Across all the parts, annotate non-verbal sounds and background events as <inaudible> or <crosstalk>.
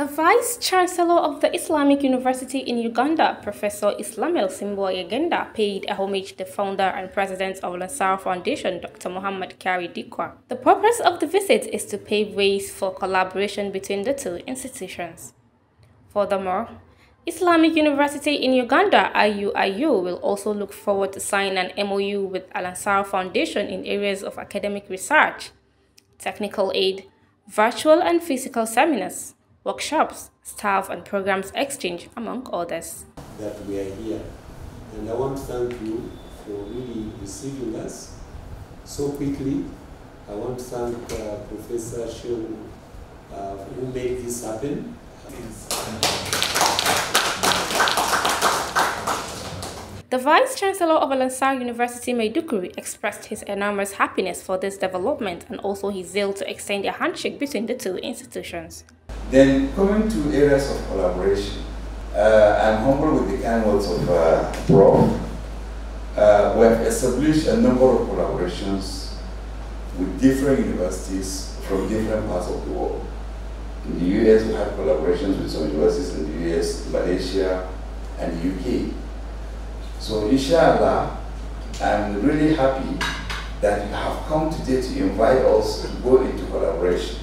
The Vice Chancellor of the Islamic University in Uganda, Professor Islamel Simbo Agenda, paid a homage to the founder and president of Lansar Foundation, Dr. Muhammad Kari Dikwa. The purpose of the visit is to pave ways for collaboration between the two institutions. Furthermore, Islamic University in Uganda, IUIU, will also look forward to sign an MOU with Al Foundation in areas of academic research, technical aid, virtual and physical seminars workshops, staff and programs exchange, among others. That we are here. And I want to thank you for really receiving us so quickly. I want to thank uh, Professor Shil uh, who made this happen. Yes. The Vice Chancellor of Alansar University, Maiduguri, expressed his enormous happiness for this development and also his zeal to extend a handshake between the two institutions. Then coming to areas of collaboration, uh, I'm humbled with the kind words of uh, Prof. Uh, we have established a number of collaborations with different universities from different parts of the world. In the US, we have collaborations with some universities in the US, Malaysia, and the UK. So inshallah, I'm really happy that you have come today to invite us to go into collaboration.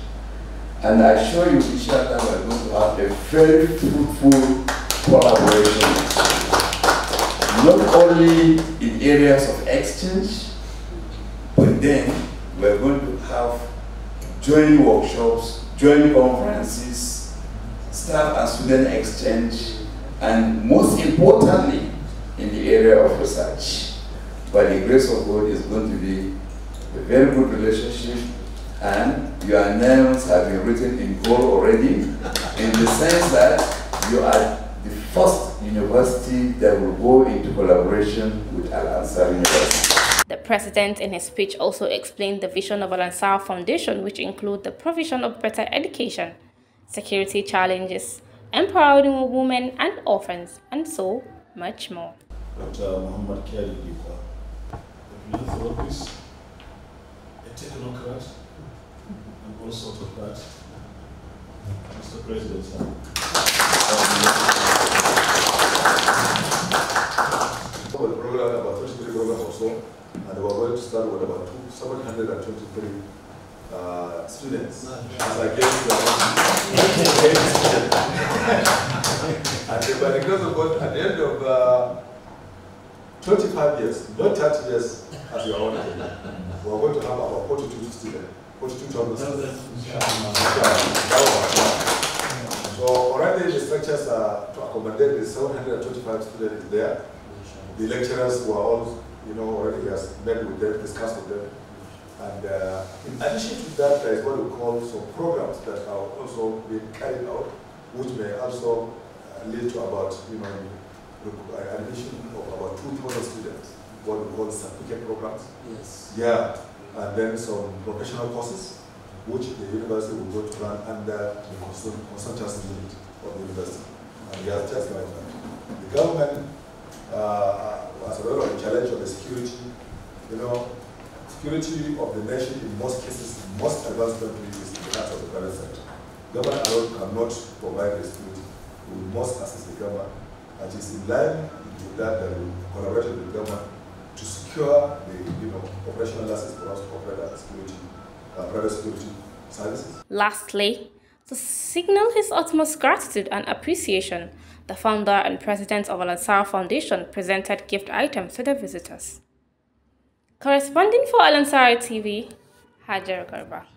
And I assure you, inshallah, we're going to have a very fruitful collaboration. Not only in areas of exchange, but then we're going to have joint workshops, joint conferences, staff and student exchange, and most importantly, area of research. By the grace of God, it's going to be a very good relationship and your names have been written in gold already in the sense that you are the first university that will go into collaboration with Al-Ansar University. The president in his speech also explained the vision of Al-Ansar Foundation, which include the provision of better education, security challenges, empowering women and orphans, and so much more. Dr. Muhammad Kiari Lipa, the physiotherapist, a technocrat, and all sorts of that. Mr. President, um, the program about 33 programs or so, and we are going to start with about 723 uh, students. As I gave the <laughs> and by the grace of God, at the end of uh, 25 years, not 30 years as you are agenda. We are going to have about 42 students, 42,000 students. So already the structures are to accommodate the 725 students there. The lecturers were all, you know, already has met with them, discussed with them. And uh, in addition to that, there is what we call some programs that are also being carried out, which may also lead to about, you know, admission of about 2,000 students, what we call certificate programs. Yes. Yeah, and then some professional courses, which the university will go to run under the consultants unit of the university. And we are just like that. The government uh, has a lot of challenge on the security. You know, security of the nation in most cases, most advanced countries is in the hands of the private sector. Government alone cannot provide the security. We must assist the government and it's in line with that that um, we collaboration with the government to secure the you know, operational license for us to operate our security, uh, private security services. Lastly, to signal his utmost gratitude and appreciation, the founder and president of Al Foundation presented gift items to the visitors. Corresponding for Al TV, Hajar Garba.